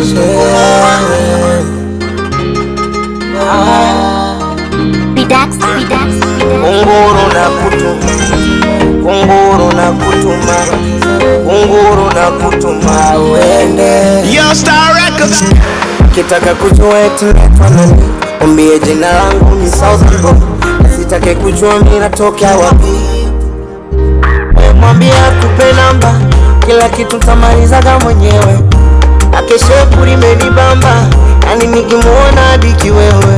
Kunguru na kutuma, kunguru na kutuma, kunguru na kutuma Kitaka kujua italetwa nani, umbie jina langu ni Southern Boy. Sitake kujua mimi natokea wapi. mwambia kupe namba, kila kitu tamalizaga mwenyewe akeshepu limenibamba yani nikimwona adiki wewe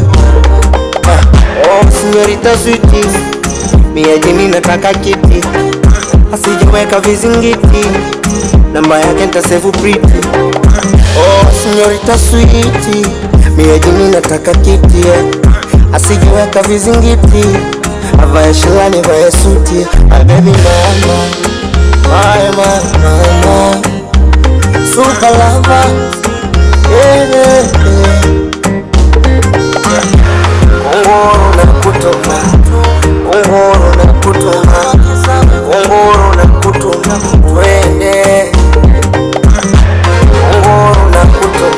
oh, senyorita switi miajini nataka kiti asijaweka vizingiti namba yake ntasevu priti oh, senyorita switi miajini nataka kiti asijaweka vizingiti avae shilani vae suti my baby mama, my mama, mama super lover yeah, yeah, yeah. Kunguru na kunguru nakutuma, kunguru na wende, kunguru na kunguru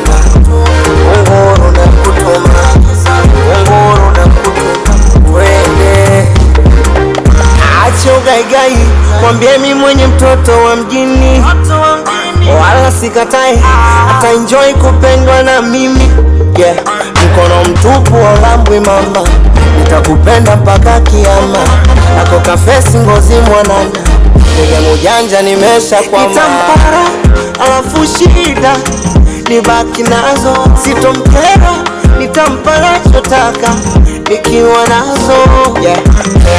nakutuma, na nakutuma wende. Acha ugaigai, mwambie mi mwenye mtoto wa mjini wala oh, sikatai, hata enjoy kupendwa na mimi yeah. Mkono mtupu haulambwi mama, nitakupenda mpaka kiama, ako kafesi ngozi mwanana, ega mujanja nimesha kwa mara, alafu shida nibaki nazo, sitomkera nitampa chotaka nikiwa nazo yeah.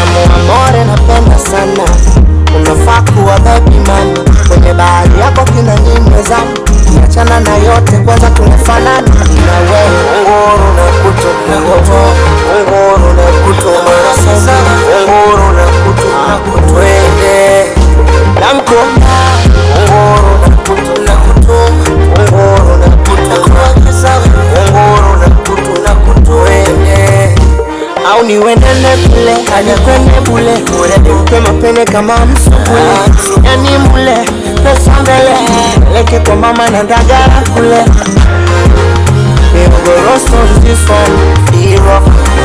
Amore napenda sana unafaa au niuendele kule kaja kwende kule uredi mpe mapene kama msukule yani mule pesa mbele leke kwa mama na ndagara kule We'll go roast on this one,